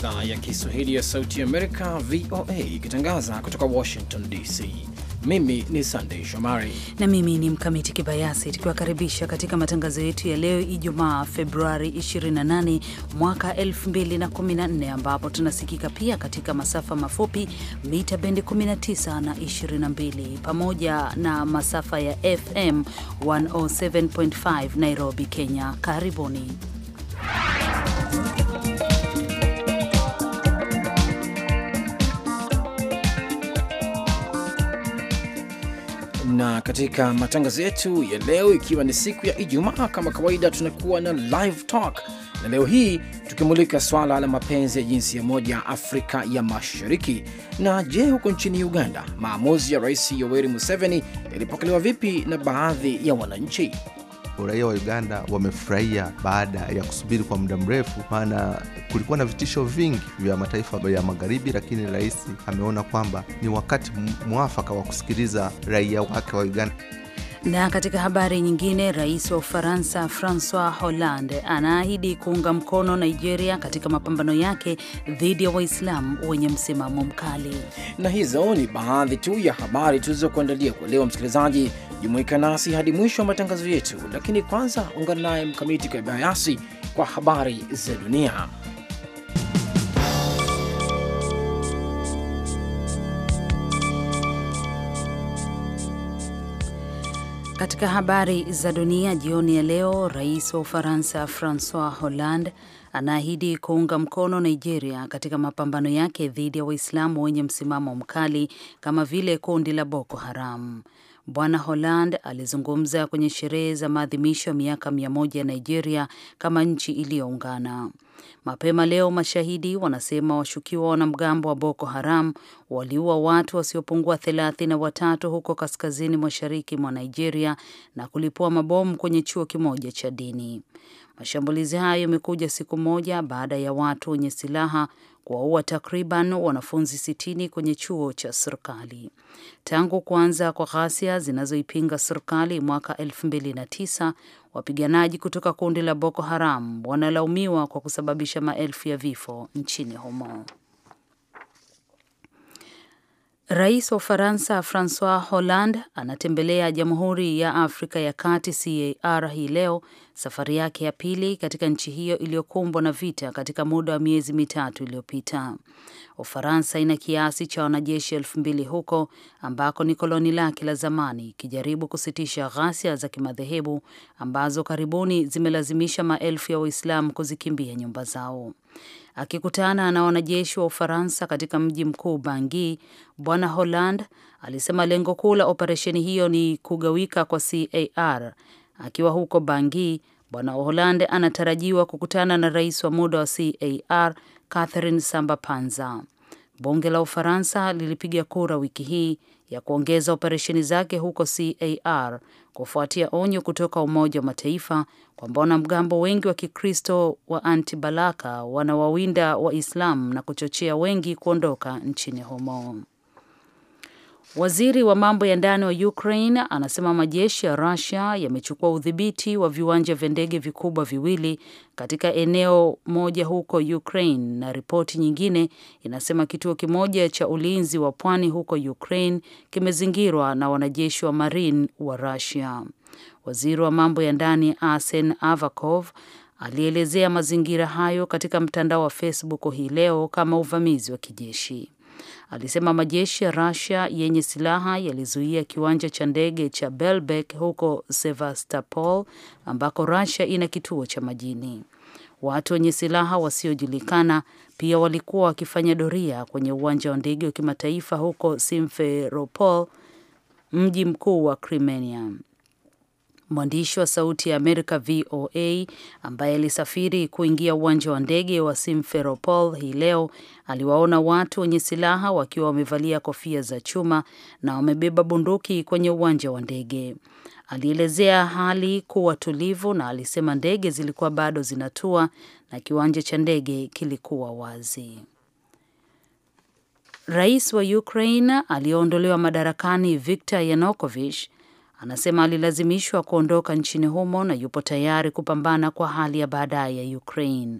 idhaa ya Kiswahili ya Sauti ya Amerika, VOA, ikitangaza kutoka Washington DC. Mimi ni Sandei Shomari na mimi ni Mkamiti Kibayasi, tukiwakaribisha katika matangazo yetu ya leo Ijumaa, Februari 28 mwaka 2014, ambapo tunasikika pia katika masafa mafupi mita bendi 19 na 22, pamoja na masafa ya FM 107.5 Nairobi, Kenya. Karibuni na katika matangazo yetu ya leo, ikiwa ni siku ya Ijumaa, kama kawaida, tunakuwa na live talk, na leo hii tukimulika swala la mapenzi ya jinsi ya moja Afrika ya Mashariki. Na je, huko nchini Uganda, maamuzi ya Rais Yoweri Museveni yalipokelewa vipi na baadhi ya wananchi? raia wa Uganda wamefurahia baada ya kusubiri kwa muda mrefu, maana kulikuwa na vitisho vingi vya mataifa ya magharibi, lakini rais ameona kwamba ni wakati mwafaka wa kusikiliza raia wake wa Uganda. Na katika habari nyingine, rais wa Ufaransa Francois Hollande anaahidi kuunga mkono Nigeria katika mapambano yake dhidi ya Waislamu wenye msimamo mkali. Na hizo ni baadhi tu ya habari tulizokuandalia kwa leo. Msikilizaji, jumuika nasi hadi mwisho wa matangazo yetu, lakini kwanza ungana naye Mkamiti Kabayasi kwa habari za dunia. Katika habari za dunia jioni ya leo, rais wa Ufaransa Francois Hollande anaahidi kuunga mkono Nigeria katika mapambano yake dhidi ya Waislamu wenye msimamo mkali kama vile kundi la Boko Haram. Bwana Holland alizungumza kwenye sherehe za maadhimisho ya miaka mia moja ya Nigeria kama nchi iliyoungana. Mapema leo mashahidi wanasema washukiwa wanamgambo wa Boko Haram waliua watu wasiopungua thelathini na watatu huko kaskazini mashariki mwa Nigeria na kulipua mabomu kwenye chuo kimoja cha dini. Mashambulizi hayo yamekuja siku moja baada ya watu wenye silaha kuwaua takriban wanafunzi sitini kwenye chuo cha serikali. Tangu kuanza kwa ghasia zinazoipinga serikali mwaka tisa, wapiganaji kutoka kundi la Boko Haram wanalaumiwa kwa kusababisha maelfu ya vifo nchini humo. Rais wa Ufaransa Francois Hollande anatembelea Jamhuri ya Afrika ya Kati CAR hii leo safari yake ya pili katika nchi hiyo iliyokumbwa na vita katika muda wa miezi mitatu iliyopita. Ufaransa ina kiasi cha wanajeshi elfu mbili huko ambako ni koloni lake la zamani, ikijaribu kusitisha ghasia za kimadhehebu ambazo karibuni zimelazimisha maelfu ya Waislamu kuzikimbia nyumba zao. Akikutana na wanajeshi wa Ufaransa katika mji mkuu Bangui, Bwana holand alisema lengo kuu la operesheni hiyo ni kugawika kwa CAR Akiwa huko bangi Bwana Hollande anatarajiwa kukutana na rais wa muda wa CAR Catherine Samba Panza. Bunge la Ufaransa lilipiga kura wiki hii ya kuongeza operesheni zake huko CAR kufuatia onyo kutoka Umoja wa Mataifa kwamba wanamgambo wengi wa Kikristo wa Antibalaka wanawawinda Waislamu na kuchochea wengi kuondoka nchini humo. Waziri wa mambo ya ndani wa Ukraine anasema majeshi ya Russia yamechukua udhibiti wa viwanja vya ndege vikubwa viwili katika eneo moja huko Ukraine, na ripoti nyingine inasema kituo kimoja cha ulinzi wa pwani huko Ukraine kimezingirwa na wanajeshi wa Marine wa Russia. Waziri wa mambo ya ndani Arsen Avakov alielezea mazingira hayo katika mtandao wa Facebook hii leo kama uvamizi wa kijeshi alisema majeshi ya Russia yenye silaha yalizuia kiwanja cha ndege cha Belbek huko Sevastopol ambako rasia ina kituo cha majini. Watu wenye silaha wasiojulikana pia walikuwa wakifanya doria kwenye uwanja wa ndege wa kimataifa huko Simferopol, mji mkuu wa Crimea mwandishi wa Sauti ya Amerika VOA ambaye alisafiri kuingia uwanja wa ndege wa Simferopol hii leo aliwaona watu wenye silaha wakiwa wamevalia kofia za chuma na wamebeba bunduki kwenye uwanja wa ndege. Alielezea hali kuwa tulivu na alisema ndege zilikuwa bado zinatua na kiwanja cha ndege kilikuwa wazi. Rais wa Ukraine aliyeondolewa madarakani Viktor Yanukovych anasema alilazimishwa kuondoka nchini humo na yupo tayari kupambana kwa hali ya baadaye ya Ukraine.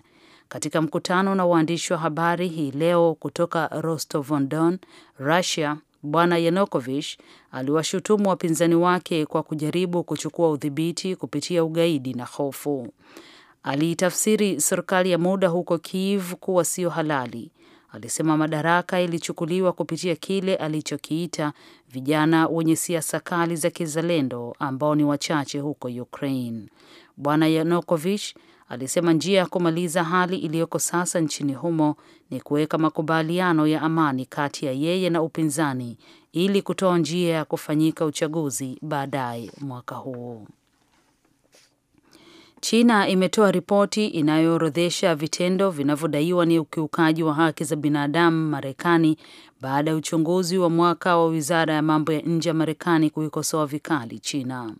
Katika mkutano na waandishi wa habari hii leo kutoka Rostov-on-Don, Russia, Bwana Yanukovych aliwashutumu wapinzani wake kwa kujaribu kuchukua udhibiti kupitia ugaidi na hofu. Aliitafsiri serikali ya muda huko Kiev kuwa sio halali alisema madaraka ilichukuliwa kupitia kile alichokiita vijana wenye siasa kali za kizalendo ambao ni wachache huko Ukraine. Bwana Yanukovych alisema njia ya kumaliza hali iliyoko sasa nchini humo ni kuweka makubaliano ya amani kati ya yeye na upinzani ili kutoa njia ya kufanyika uchaguzi baadaye mwaka huu. China imetoa ripoti inayoorodhesha vitendo vinavyodaiwa ni ukiukaji wa haki za binadamu Marekani baada ya uchunguzi wa mwaka wa wizara ya mambo ya nje ya Marekani kuikosoa vikali China.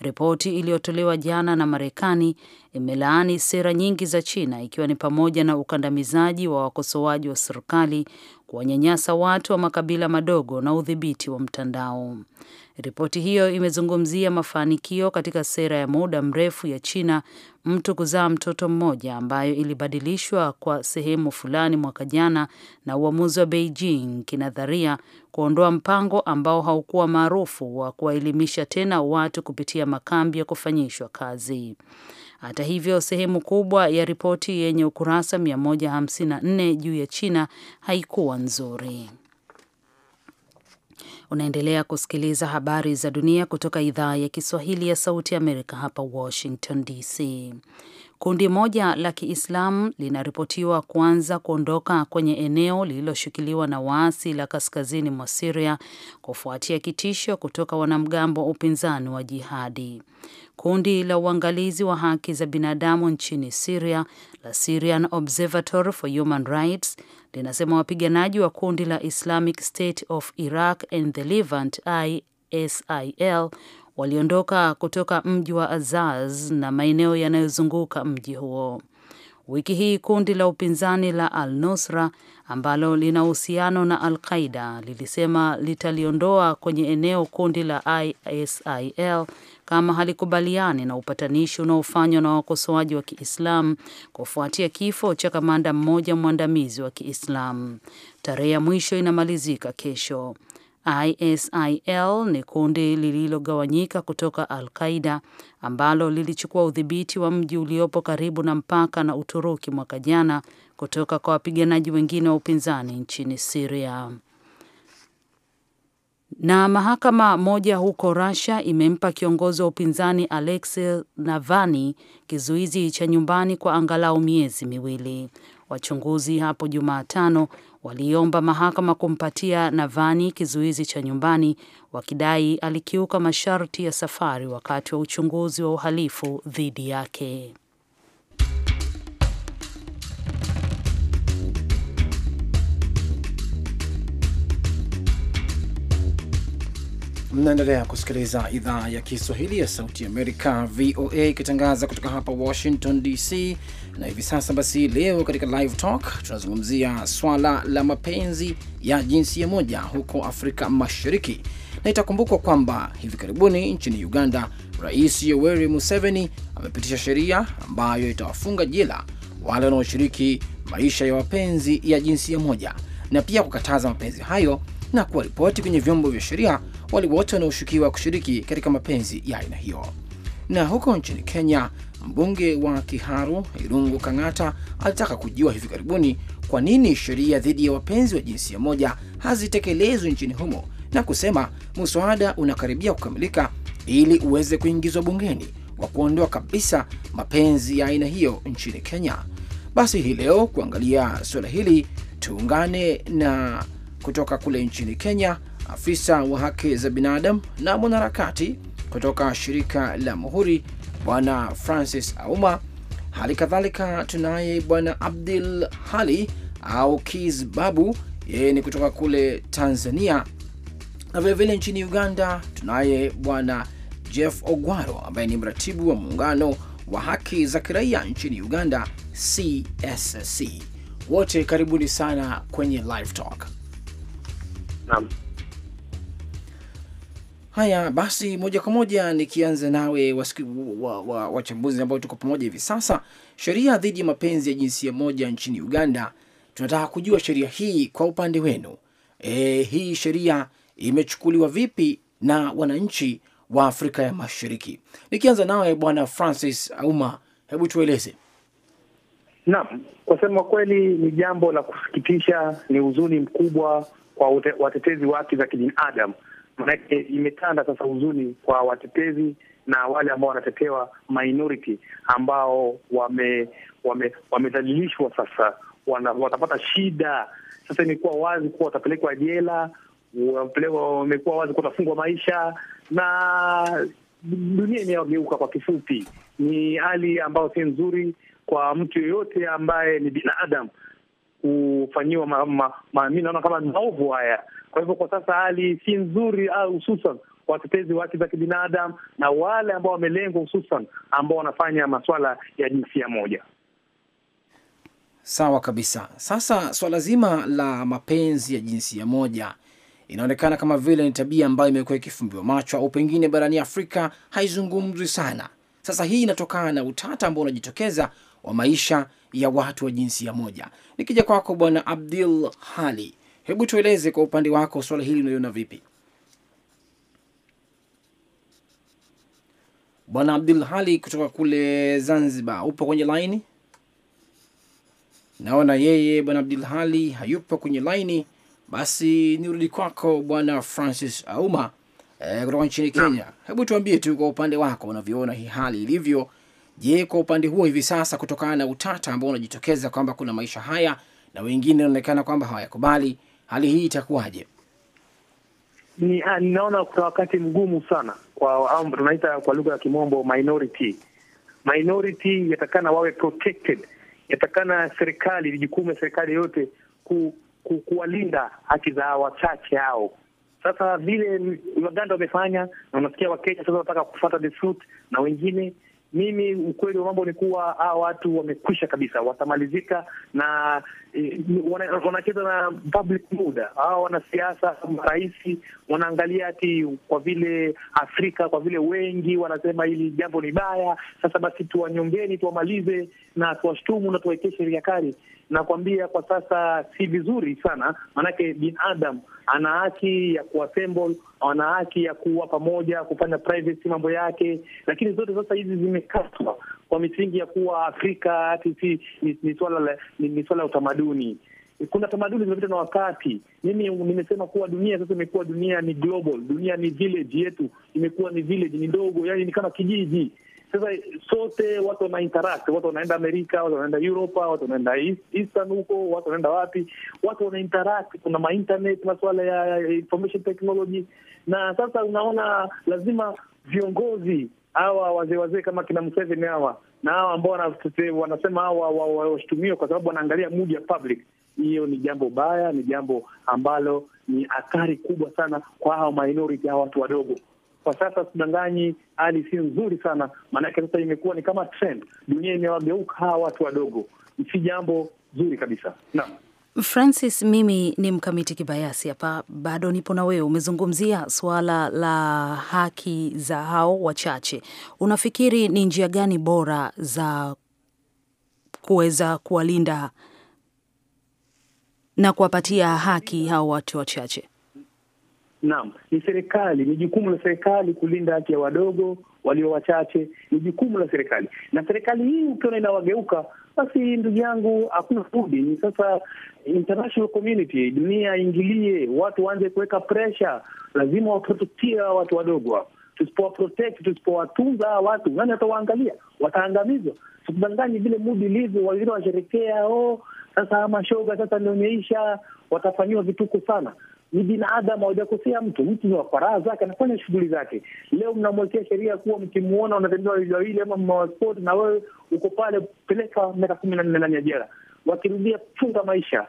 Ripoti iliyotolewa jana na Marekani imelaani sera nyingi za China, ikiwa ni pamoja na ukandamizaji wa wakosoaji wa serikali, kuwanyanyasa watu wa makabila madogo na udhibiti wa mtandao. Ripoti hiyo imezungumzia mafanikio katika sera ya muda mrefu ya China mtu kuzaa mtoto mmoja ambayo ilibadilishwa kwa sehemu fulani mwaka jana na uamuzi wa Beijing kinadharia kuondoa mpango ambao haukuwa maarufu wa kuwaelimisha tena watu kupitia makambi ya kufanyishwa kazi. Hata hivyo, sehemu kubwa ya ripoti yenye ukurasa 154 juu ya China haikuwa nzuri. Unaendelea kusikiliza habari za dunia kutoka idhaa ya Kiswahili ya Sauti ya Amerika hapa Washington DC. Kundi moja la Kiislamu linaripotiwa kuanza kuondoka kwenye eneo lililoshikiliwa na waasi la kaskazini mwa Siria kufuatia kitisho kutoka wanamgambo wa upinzani wa jihadi. Kundi la uangalizi wa haki za binadamu nchini Siria la Syrian Observatory for Human Rights linasema wapiganaji wa kundi la Islamic State of Iraq and the Levant ISIL waliondoka kutoka mji wa Azaz na maeneo yanayozunguka mji huo. Wiki hii kundi la upinzani la Al Nusra ambalo lina uhusiano na Al Qaida lilisema litaliondoa kwenye eneo kundi la ISIL kama halikubaliani na upatanishi unaofanywa na wakosoaji wa Kiislamu kufuatia kifo cha kamanda mmoja mwandamizi wa Kiislamu. Tarehe ya mwisho inamalizika kesho. ISIL ni kundi lililogawanyika kutoka Al Qaida ambalo lilichukua udhibiti wa mji uliopo karibu na mpaka na Uturuki mwaka jana kutoka kwa wapiganaji wengine wa upinzani nchini Siria. Na mahakama moja huko Russia imempa kiongozi wa upinzani Alexei Navalny kizuizi cha nyumbani kwa angalau miezi miwili. Wachunguzi hapo Jumatano waliomba mahakama kumpatia Navalny kizuizi cha nyumbani wakidai alikiuka masharti ya safari wakati wa uchunguzi wa uhalifu dhidi yake. Mnaendelea kusikiliza idhaa ya Kiswahili ya Sauti ya Amerika, VOA, ikitangaza kutoka hapa Washington DC. Na hivi sasa basi, leo katika Live Talk tunazungumzia swala la mapenzi ya jinsia moja huko Afrika Mashariki, na itakumbukwa kwamba hivi karibuni nchini Uganda, Rais Yoweri Museveni amepitisha sheria ambayo itawafunga jela wale wanaoshiriki maisha ya mapenzi ya jinsia moja na pia kukataza mapenzi hayo na kuwaripoti kwenye vyombo vya sheria wale wote wanaoshukiwa kushiriki katika mapenzi ya aina hiyo. Na huko nchini Kenya, mbunge wa Kiharu Irungu Kang'ata alitaka kujua hivi karibuni kwa nini sheria dhidi ya wapenzi wa jinsia moja hazitekelezwi nchini humo na kusema mswada unakaribia kukamilika ili uweze kuingizwa bungeni wa kuondoa kabisa mapenzi ya aina hiyo nchini Kenya. Basi hii leo kuangalia suala hili tuungane na kutoka kule nchini Kenya, afisa wa haki za binadamu na mwanaharakati kutoka shirika la Muhuri, Bwana Francis Auma. Hali kadhalika tunaye Bwana Abdul Hali au Kiz Babu, yeye ni kutoka kule Tanzania, na vilevile nchini Uganda tunaye Bwana Jeff Ogwaro ambaye ni mratibu wa muungano wa haki za kiraia nchini Uganda, CSC. Wote karibuni sana kwenye Live Talk. Naam. Haya basi, moja kwa moja nikianza nawe wachambuzi wa, wa ambao tuko pamoja hivi sasa, sheria dhidi ya mapenzi ya jinsia moja nchini Uganda, tunataka kujua sheria hii kwa upande wenu. E, hii sheria imechukuliwa vipi na wananchi wa Afrika ya Mashariki? Nikianza nawe bwana Francis Auma, hebu tueleze. Naam, kwa sema kweli ni jambo la kusikitisha, ni huzuni mkubwa kwa ute, watetezi wa haki za kibinadamu. Maanake imetanda sasa huzuni kwa watetezi na wale ambao wanatetewa minority ambao wamedhalilishwa, wame, sasa wana, watapata shida sasa. Imekuwa wazi kuwa watapelekwa jela, wamekuwa wazi kuwa watafungwa maisha na dunia imewageuka Kwa kifupi, ni hali ambayo si nzuri kwa mtu yoyote ambaye ni binadamu kufanyiwa ma, ma, ma, mi naona kama maovu haya. Kwa hivyo kwa sasa hali si nzuri, ah, hususan watetezi wa haki za kibinadamu na wale ambao wamelengwa, hususan ambao wanafanya maswala ya jinsia moja. Sawa kabisa. Sasa swala zima la mapenzi ya jinsia moja inaonekana kama vile ni tabia ambayo imekuwa ikifumbiwa macho au pengine barani Afrika haizungumzwi sana. Sasa hii inatokana na utata ambao unajitokeza wa maisha ya watu wa jinsia moja. Nikija kwako Bwana Abdul Hali, hebu tueleze kwa upande wako swala hili unaliona vipi? Bwana Abdul Hali kutoka kule Zanzibar, upo kwenye laini? Naona yeye Bwana Abdul Hali hayupo kwenye laini. Basi nirudi kwako Bwana Francis Auma e, kutoka nchini Kenya. Hebu tuambie tu kwa upande wako unavyoona hii hali ilivyo Je, kwa upande huo hivi sasa, kutokana na utata ambao unajitokeza kwamba kuna maisha haya na wengine wanaonekana kwamba hawayakubali, hali hii itakuwaje? Ni ah, ninaona kuna wakati mgumu sana kwa um, tunaita kwa lugha ya kimombo minority. Minority yatakana wawe protected, yatakana serikali, jukumu ya serikali yote ku, ku, kuwalinda haki za wachache hao. Sasa vile Waganda wamefanya na unasikia Wakenya sasa wanataka kufuata the suit na wengine mimi ukweli wa mambo ni kuwa hawa watu wamekwisha kabisa, watamalizika na eh, wanacheza na public muda. Hawa wanasiasa, marais wanaangalia ati kwa vile Afrika, kwa vile wengi wanasema hili jambo ni baya, sasa basi tuwanyongeni, tuwamalize na tuwashtumu na tuwaekee sheria kali nakwambia kwa sasa si vizuri sana, maanake binadam ana haki ya kuassemble, ana haki ya kuwa pamoja, kufanya privacy mambo yake, lakini zote sasa hizi zimekatwa kwa misingi ya kuwa Afrika ati si ni swala ni swala ya utamaduni kuna tamaduni zimepita na wakati. Mimi nimesema kuwa dunia sasa imekuwa dunia ni global, dunia ni village yetu imekuwa ni village ni ndogo, yani ni kama kijiji. Sasa sote watu wana interact, watu wanaenda Amerika, watu wanaenda Europa, watu wanaenda Eastern huko, watu wanaenda wapi, watu wana interact, kuna ma masuala ya information technology. Na sasa unaona lazima viongozi hawa wazee wazee kama kina Museveni hawa na hawa ambao wanasema hawa washtumiwe kwa sababu wanaangalia mood ya public. Hiyo ni jambo baya, ni jambo ambalo ni athari kubwa sana kwa hawa minority, hawa watu wadogo kwa sasa sidanganyi, hali si nzuri sana, maanake sasa imekuwa ni kama trend, dunia imewageuka hawa watu wadogo, si jambo zuri kabisa. Naam. Francis, mimi ni mkamiti kibayasi hapa, bado nipo na wewe. Umezungumzia suala la haki za hao wachache, unafikiri ni njia gani bora za kuweza kuwalinda na kuwapatia haki hao watu wachache? Naam, ni serikali, ni jukumu la serikali kulinda haki ya wadogo walio wachache, ni jukumu la serikali. Na serikali hii ukiona inawageuka, basi ndugu yangu, hakuna budi ni sasa, international community, dunia ingilie, watu waanze kuweka presha, lazima hawa watu wadogo. Tusipowaprotect, tusipowatunza hawa watu, nani watawaangalia? Wataangamizwa. Sikudangani vile mudi ilivyo, wengine washerekea, oh, sasa mashoga sasa ndio imeisha, watafanyiwa vituko sana ni binadamu, hawajakosea mtu. Mtu ni wa faraha zake, anafanya shughuli zake. Leo mnamwekea sheria kuwa mkimwona unatembea wawili wawili ama mnawasipoti na wewe uko pale, peleka miaka kumi na nne ndani ya jela, wakirudia funga maisha.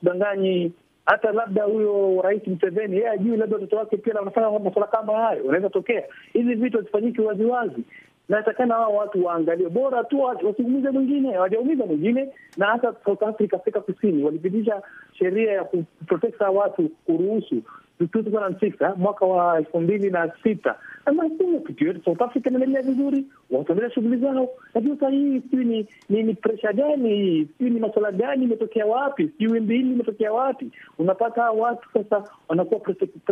Sidanganyi hata labda huyo Rais Mseveni yeye ajui, labda watoto wake pia wanafanya masuala kama hayo, unaweza tokea. Hizi vitu hazifanyiki waziwazi natakana hao watu waangalie, bora tu wasiumize mwingine, wajaumiza mwingine. Na hata South Africa, Afrika Kusini walipitisha sheria ya kuprotekta watu kuruhusu tulikuwa na mwaka wa elfu mbili na sita kitu yetu South Africa inaendelea vizuri, wataendelea shughuli zao. Lakini saa hii sijui ni, ni, ni presha gani hii, sijui ni maswala gani, imetokea wapi? Sijui wimbi hili imetokea wapi? Unapata watu sasa wanakuwa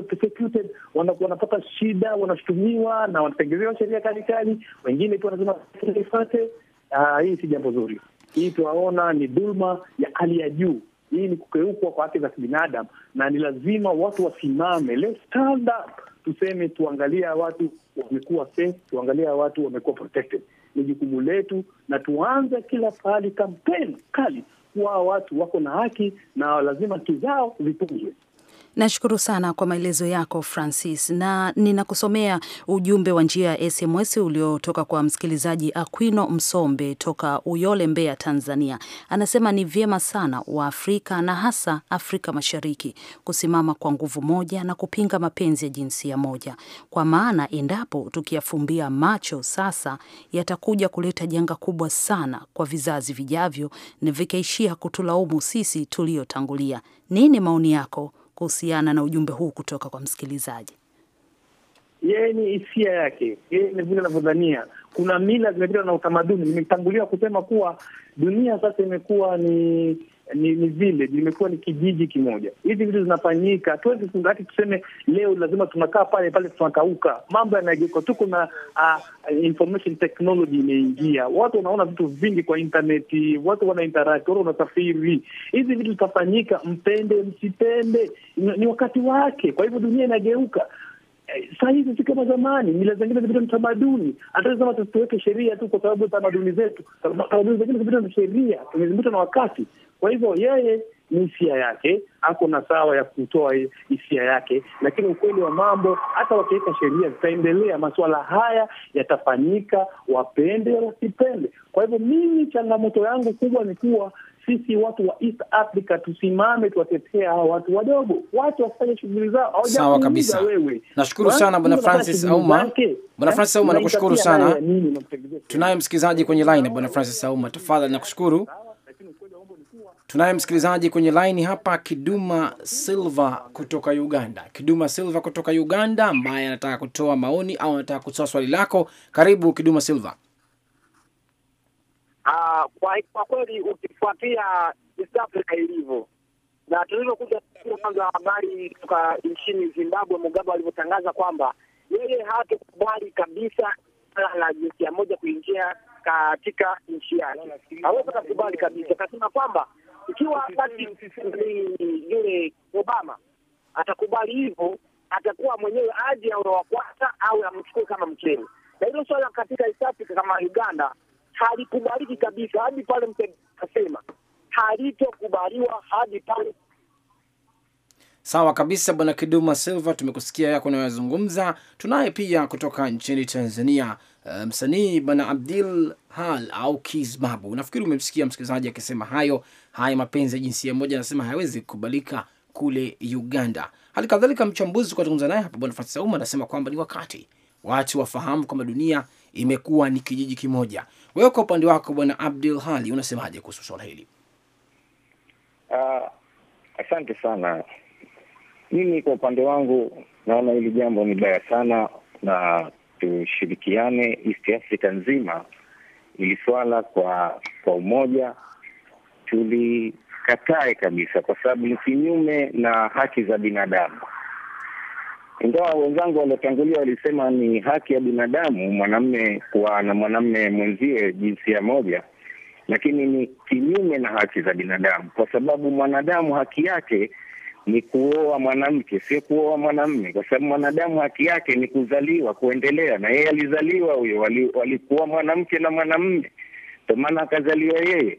persecuted, wanapata shida, wanashutumiwa na wanatengezewa sheria kali kali, wengine pia wanasema ifate. Ah, hii si jambo zuri, hii tuwaona ni dhulma ya hali ya juu. Hii ni kukeukwa kwa haki za kibinadamu, na ni lazima watu wasimame. Let's stand up, tuseme, tuangalia watu wamekuwa safe, tuangalia watu wamekuwa protected. Ni jukumu letu, na tuanze kila pahali kampeni kali kuwa watu wako na haki na lazima haki zao zitunzwe. Nashukuru sana kwa maelezo yako Francis, na ninakusomea ujumbe wa njia ya SMS uliotoka kwa msikilizaji Aquino Msombe toka Uyole, Mbeya, Tanzania. Anasema ni vyema sana Waafrika na hasa Afrika Mashariki kusimama kwa nguvu moja na kupinga mapenzi ya jinsia moja, kwa maana endapo tukiyafumbia macho sasa yatakuja kuleta janga kubwa sana kwa vizazi vijavyo na vikaishia kutulaumu sisi tuliyotangulia. Nini maoni yako? kuhusiana na ujumbe huu kutoka kwa msikilizaji? Yeye ni hisia yake, yeye ni vile anavyodhania. Kuna mila zimepita na utamaduni. Nimetangulia kusema kuwa dunia sasa imekuwa ni ni, ni vile nimekuwa ni kijiji kimoja. Hizi vitu zinafanyika, hatuwezi hati tuseme leo lazima tunakaa pale pale tunakauka. Mambo yanageuka tu, kuna uh, information technology imeingia, watu wanaona vitu vingi kwa intaneti, watu wana interact, watu wanasafiri. Hizi vitu zitafanyika, mpende msipende, ni, wakati wake. Kwa hivyo dunia inageuka. Eh, saa hizi si kama zamani, mila zingine zipitwa ni tamaduni. Hata kama tuweke sheria tu, kwa sababu tamaduni zetu, tamaduni zingine zipitwa na sheria, tumezimbuta na wakati. Kwa hivyo yeye ni hisia yake, ako na sawa ya kutoa hisia yake, lakini ukweli wa mambo, hata wakiweka sheria zitaendelea, masuala haya yatafanyika, wapende wasipende. Kwa hivyo mimi, changamoto yangu kubwa ni kuwa sisi watu wa East Africa tusimame, tuwatetea hawa watu wadogo, watu wafanye shughuli zao. Sawa kabisa, nashukuru sana bwana Francis Auma. Bwana Francis Auma, nakushukuru sana. Tunaye msikilizaji kwenye line. Bwana Francis Auma, tafadhali, nakushukuru. Tunaye msikilizaji kwenye laini hapa, Kiduma Silva kutoka Uganda. Kiduma Silva kutoka Uganda, ambaye anataka kutoa maoni au anataka kutoa swali lako. Karibu Kiduma Silva. Uh, kwa, kwa kweli ukifuatia East Africa ilivyo na tulivyokuja kwanza habari kutoka nchini Zimbabwe, Mugabe alivyotangaza kwamba yeye hatakubali kabisa la jinsia moja kuingia katika nchi yake, hawezi kukubali kabisa. Akasema kwamba ikiwa basi yule Obama atakubali hivyo, atakuwa mwenyewe aje awe wa kwanza au amchukue kama mkeni. Na hilo swala katika East Africa kama Uganda halikubaliki kabisa, hadi pale Mseveni akasema halitokubaliwa hadi pale Sawa kabisa, bwana Kiduma Silva, tumekusikia yako unayozungumza. Tunaye pia kutoka nchini Tanzania eh, msanii um, bwana Abdil Hal au Kizbabu. Nafikiri umemsikia msikilizaji akisema hayo haya mapenzi ya jinsia moja, anasema hayawezi kukubalika kule Uganda. Hali kadhalika mchambuzi ukazungumza naye hapa bwana Fati Sauma anasema kwamba ni wakati watu wafahamu kwamba dunia imekuwa ni kijiji kimoja. Wewe kwa upande wako bwana Abdul Hali unasemaje kuhusu swala hili? Uh, asante sana mimi kwa upande wangu naona hili jambo ni baya sana, na tushirikiane East Africa nzima ili swala kwa kwa umoja tulikatae kabisa, kwa sababu ni kinyume na haki za binadamu. Ingawa wenzangu waliotangulia walisema ni haki ya binadamu mwanamme kuwa na mwanamme mwenzie jinsia moja, lakini ni kinyume na haki za binadamu, kwa sababu mwanadamu haki yake ni kuoa mwanamke, sio kuoa mwanamme, kwa sababu mwanadamu haki yake ni kuzaliwa, kuendelea. Na yeye alizaliwa huyo, walikuwa wali mwanamke na mwanamme, ndo maana akazaliwa yeye.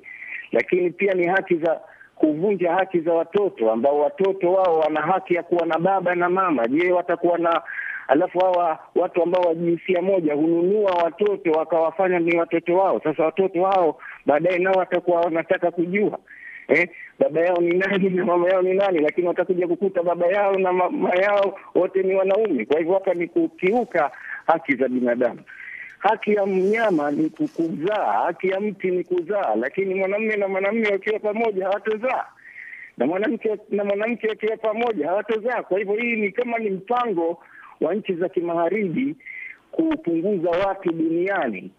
Lakini pia ni haki za kuvunja haki za watoto, ambao watoto wao wana haki ya kuwa na baba na mama. Je, watakuwa na alafu hawa watu ambao wa jinsia moja hununua watoto wakawafanya ni watoto wao. Sasa watoto wao baadaye nao watakuwa wanataka kujua eh, baba yao ni nani na mama yao ni nani, lakini watakuja kukuta baba yao na mama yao wote ni wanaume. Kwa hivyo hapa ni kukiuka haki za binadamu. Haki ya mnyama ni kuzaa, haki ya mti ni kuzaa, lakini mwanamume na mwanamume wakiwa pamoja hawatozaa na mwanamke na mwanamke wakiwa pamoja hawatozaa. Kwa hivyo hii ni kama ni mpango wa nchi za kimagharibi kupunguza watu duniani,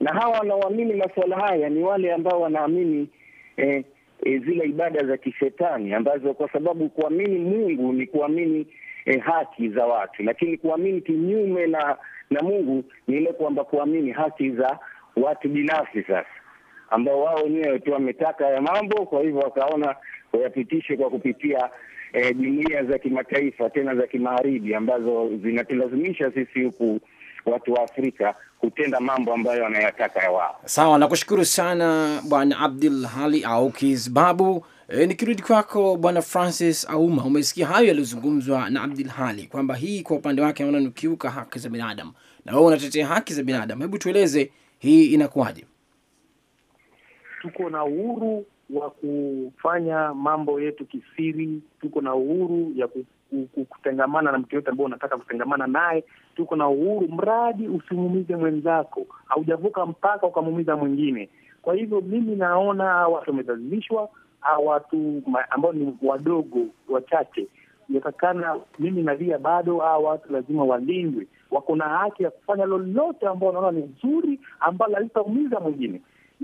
na hawa wanaoamini masuala haya ni wale ambao wanaamini eh, e, zile ibada za kishetani ambazo, kwa sababu kuamini Mungu ni kuamini e, haki za watu, lakini kuamini kinyume na na Mungu ni ile kwamba kuamini haki za watu binafsi, sasa ambao wao wenyewe tu wametaka ya mambo, kwa hivyo wakaona wayapitishe kwa kupitia e, jumuiya e, za kimataifa tena za kimagharibi ambazo zinatulazimisha sisi huku watu wa Afrika kutenda mambo ambayo wanayataka ya wao. Sawa, nakushukuru sana Bwana Abdul Hali Aukis Babu. E, nikirudi kwako Bwana Francis Auma, umesikia hayo yaliyozungumzwa na Abdul Hali kwamba hii kwa upande wake anaona nikiuka haki za binadamu, na wewe unatetea haki za binadamu. Hebu tueleze hii inakuwaje? Tuko na uhuru wa kufanya mambo yetu kisiri, tuko na uhuru ya kutengamana na mtu yoyote ambao unataka kutengamana naye tuko na uhuru, mradi usimumize mwenzako, haujavuka mpaka ukamumiza mwingine. Kwa hivyo mimi naona hawa watu wamezazilishwa, hawa watu ambao ni wadogo wachache inatakana mimi navia bado, hawa watu lazima walindwe. Wako na haki ya kufanya lolote ambao wanaona ni nzuri, ambalo halitaumiza mwingine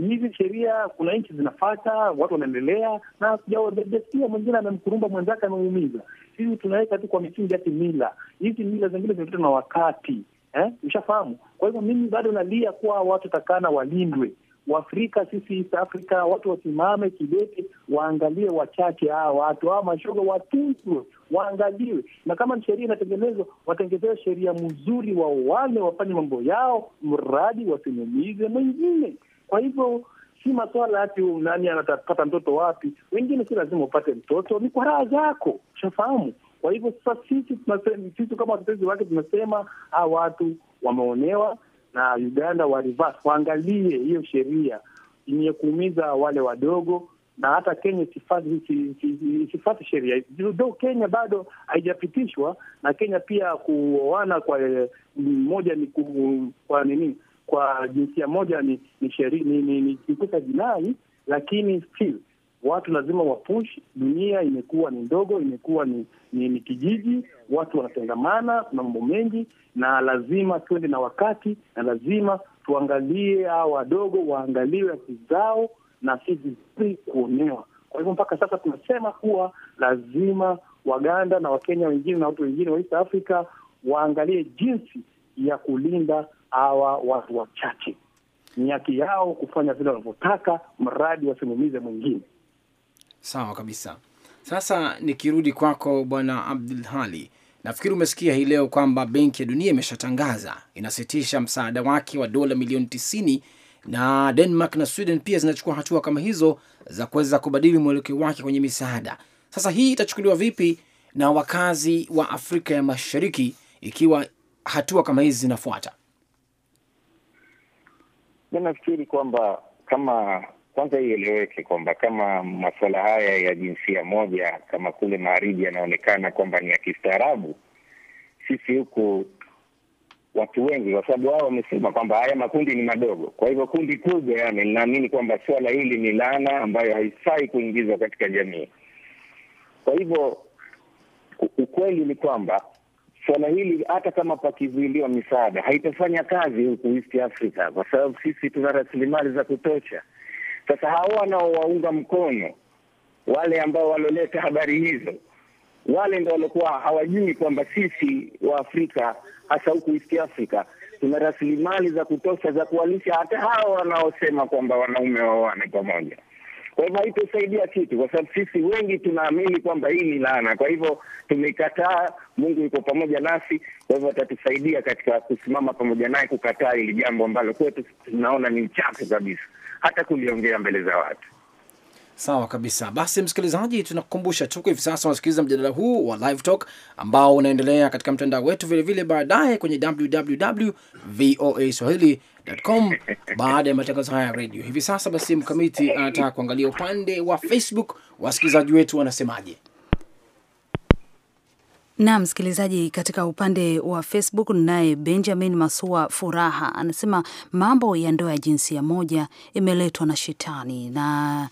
hizi sheria, kuna nchi zinafata, watu wanaendelea na hatujasikia mwingine amemkurumba mwenzake ameumiza. Sisi tunaweka tu kwa misingi ati mila, hizi mila zingine zinapitwa na wakati eh? Ushafahamu. Kwa hivyo mimi bado nalia kuwa watu takana walindwe Waafrika sisi East Africa, watu wasimame kidete, waangalie wachache hawa watu hawa mashoga, watunzwe, waangaliwe, na kama sheria inatengenezwa, watengezewe sheria mzuri, wa wale wafanye mambo yao, mradi wasimumize mwingine. Kwa hivyo si masuala ati nani anatapata mtoto wapi. Wengine si lazima upate mtoto, ni kwa raha zako, ushafahamu. Kwa hivyo sasa sisi sisi kama watetezi wake tunasema hawa watu wameonewa na Uganda wa reverse, waangalie hiyo sheria yenye kuumiza wale wadogo na hata Kenya isifati sheria do. Kenya bado haijapitishwa na Kenya pia kuoana kwa mmoja eh, ni kwa nini kwa jinsia moja ni ni sheri, ni, ni, ni kikosa jinai, lakini still watu lazima wapush. Dunia imekuwa ni ndogo, imekuwa ni, ni, ni kijiji, watu wanatengamana, kuna mambo mengi, na lazima tuende na wakati, na lazima tuangalie hawa wadogo waangaliwe haki zao na si vizuri kuonewa. Kwa hivyo mpaka sasa tunasema kuwa lazima Waganda na Wakenya wengine na watu wengine wa East Africa waangalie jinsi ya kulinda hawa watu wachache. Ni haki yao kufanya vile wanavyotaka, mradi wasimumize mwingine. Sawa kabisa. Sasa nikirudi kwako Bwana Abdul Hali, nafikiri umesikia hii leo kwamba Benki ya Dunia imeshatangaza inasitisha msaada wake wa dola milioni tisini na Denmark na Sweden pia zinachukua hatua kama hizo za kuweza kubadili mwelekeo wake kwenye misaada. Sasa hii itachukuliwa vipi na wakazi wa Afrika ya Mashariki ikiwa hatua kama hizi zinafuata? mi nafikiri kwamba kama kwanza ieleweke kwamba kama masuala haya ya jinsia moja kama kule magharibi yanaonekana kwamba ni ya kistaarabu, sisi huku watu wengi, kwa sababu wao wamesema kwamba haya makundi ni madogo. Kwa hivyo kundi kubwa, yani linaamini kwamba suala hili ni laana ambayo haifai kuingizwa katika jamii. Kwa hivyo ukweli ni kwamba suala hili hata kama pakizuiliwa misaada haitafanya kazi huku East Africa, kwa sababu sisi tuna rasilimali za kutosha. Sasa hao wanaowaunga mkono wale ambao walioleta habari hizo, wale ndo waliokuwa hawajui kwamba sisi wa Afrika hasa huku East Africa tuna rasilimali za kutosha za kuwalisha hata hao wanaosema kwamba wanaume waoane pamoja. Kwa hivyo haitusaidia kitu, kwa sababu sisi wengi tunaamini kwamba hii ni laana. Kwa hivyo tumekataa. Mungu yuko pamoja nasi, kwa hivyo atatusaidia katika kusimama pamoja naye kukataa hili jambo ambalo kwetu tunaona ni mchafu kabisa, hata kuliongea mbele za watu. Sawa kabisa. Basi msikilizaji, tunakukumbusha tu kwa hivi sasa unasikiliza mjadala huu wa Live Talk ambao unaendelea katika mtandao wetu vilevile, baadaye kwenye www.voaswahili.com baada ya matangazo haya ya redio. Hivi sasa basi, mkamiti anataka kuangalia upande wa Facebook, wasikilizaji wetu wanasemaje? Na msikilizaji, katika upande wa Facebook naye Benjamin Masua Furaha anasema mambo ya ndoa ya jinsia moja imeletwa na shetani na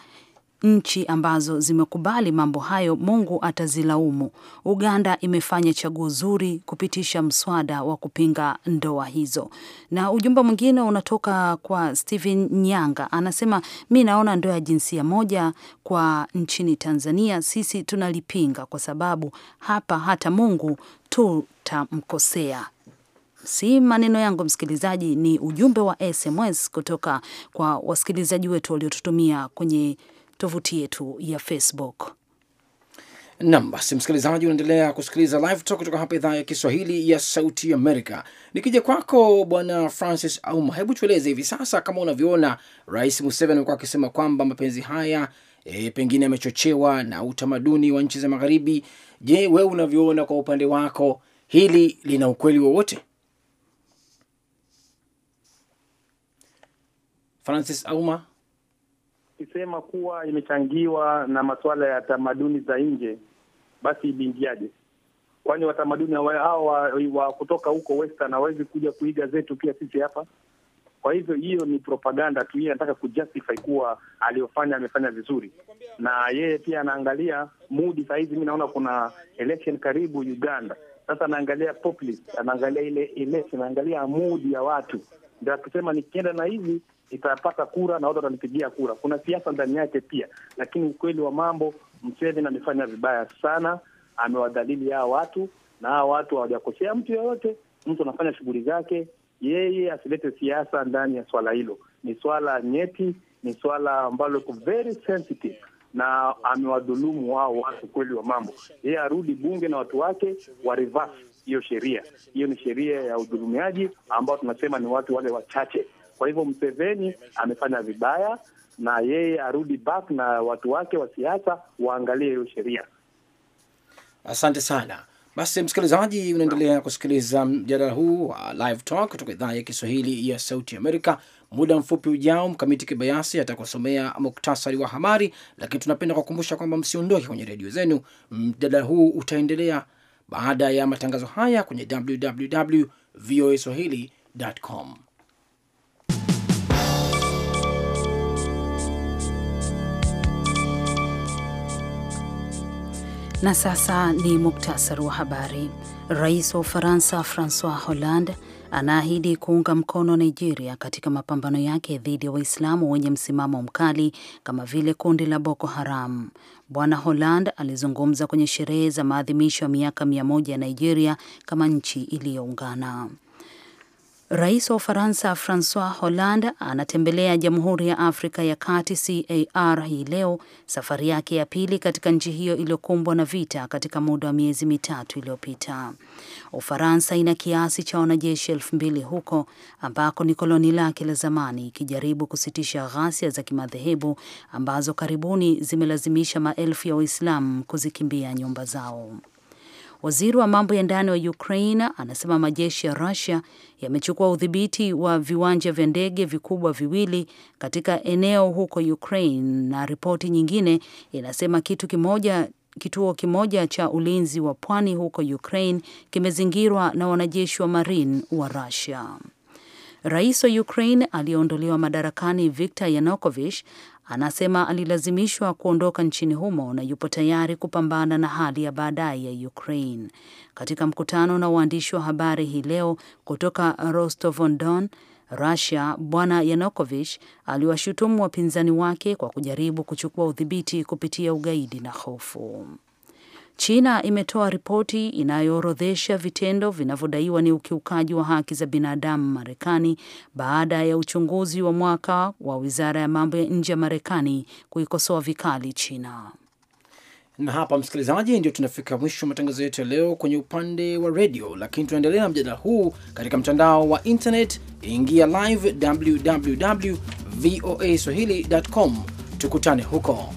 nchi ambazo zimekubali mambo hayo Mungu atazilaumu. Uganda imefanya chaguo zuri kupitisha mswada wa kupinga ndoa hizo. Na ujumbe mwingine unatoka kwa Steven Nyanga, anasema mi naona ndoa ya jinsia moja kwa nchini Tanzania sisi tunalipinga kwa sababu hapa hata Mungu tutamkosea. Si maneno yangu msikilizaji, ni ujumbe wa SMS kutoka kwa wasikilizaji wetu waliotutumia kwenye tovuti yetu ya Facebook. Nam basi, msikilizaji, unaendelea kusikiliza Live Talk kutoka hapa idhaa ya Kiswahili ya Sauti Amerika. Nikija kwako Bwana Francis Auma, hebu tueleze hivi sasa, kama unavyoona, Rais Museveni amekuwa akisema kwamba mapenzi haya e, pengine yamechochewa na utamaduni wa nchi za Magharibi. Je, wewe unavyoona kwa upande wako, hili lina ukweli wowote? Francis Auma ukisema kuwa imechangiwa na masuala ya tamaduni za nje, basi ibingiaje? Kwani watamaduni hao wa, wa kutoka huko western hawawezi kuja kuiga zetu pia sisi hapa? Kwa hivyo hiyo ni propaganda tu, yeye anataka kujustify kuwa aliyofanya amefanya vizuri, na yeye pia anaangalia mudi. Saa hizi mi naona kuna election karibu Uganda, sasa anaangalia populist, anaangalia ile election, anaangalia mudi ya watu, ndio akisema nikienda na hivi itapata kura na watu watanipigia kura. Kuna siasa ndani yake pia, lakini ukweli wa mambo, Museveni amefanya vibaya sana, amewadhalili hawa watu na hawa watu hawajakosea mtu yoyote. Mtu anafanya shughuli zake, yeye asilete siasa ndani ya swala hilo. Ni swala nyeti, ni swala ambalo iko very sensitive na amewadhulumu wao watu. Kweli wa mambo, yeye arudi bunge na watu wake wa reverse hiyo sheria. Hiyo ni sheria ya udhulumiaji ambao tunasema ni watu wale wachache kwa hivyo Mseveni amefanya vibaya, na yeye arudi back na watu wake wa siasa waangalie hiyo sheria. Asante sana. Basi msikilizaji, unaendelea kusikiliza mjadala huu wa Live Talk kutoka idhaa ya Kiswahili ya Sauti Amerika. Muda mfupi ujao, Mkamiti Kibayasi atakusomea muktasari wa habari, lakini tunapenda kuwakumbusha kwamba msiondoke kwenye redio zenu. Mjadala huu utaendelea baada ya matangazo haya kwenye www voa swahili.com. Na sasa ni muktasari wa habari. Rais wa Ufaransa Francois Hollande anaahidi kuunga mkono Nigeria katika mapambano yake dhidi ya Waislamu wenye msimamo mkali kama vile kundi la Boko Haram. Bwana Hollande alizungumza kwenye sherehe za maadhimisho ya miaka mia moja ya Nigeria kama nchi iliyoungana. Rais wa Ufaransa Francois Hollande anatembelea Jamhuri ya Afrika ya Kati CAR hii leo, safari yake ya pili katika nchi hiyo iliyokumbwa na vita katika muda wa miezi mitatu iliyopita. Ufaransa ina kiasi cha wanajeshi elfu mbili huko ambako ni koloni lake la zamani, ikijaribu kusitisha ghasia za kimadhehebu ambazo karibuni zimelazimisha maelfu ya Waislamu kuzikimbia nyumba zao. Waziri wa mambo ya ndani wa Ukraine anasema majeshi ya Rusia yamechukua udhibiti wa viwanja vya ndege vikubwa viwili katika eneo huko Ukraine, na ripoti nyingine inasema kitu kimoja kituo kimoja cha ulinzi wa pwani huko Ukraine kimezingirwa na wanajeshi wa Marine wa Russia. Rais wa Ukraine aliyeondolewa madarakani Viktor Yanukovych Anasema alilazimishwa kuondoka nchini humo na yupo tayari kupambana na hali ya baadaye ya Ukraine. Katika mkutano na waandishi wa habari hii leo kutoka Rostov-on-Don, Russia, Bwana Yanukovych aliwashutumu wapinzani wake kwa kujaribu kuchukua udhibiti kupitia ugaidi na hofu. China imetoa ripoti inayoorodhesha vitendo vinavyodaiwa ni ukiukaji wa haki za binadamu Marekani baada ya uchunguzi wa mwaka wa wizara ya mambo ya nje ya Marekani kuikosoa vikali China. Na hapa msikilizaji, ndio tunafika mwisho wa matangazo yetu ya leo kwenye upande wa redio, lakini tunaendelea na mjadala huu katika mtandao wa internet. Ingia live www voa swahili.com, tukutane huko.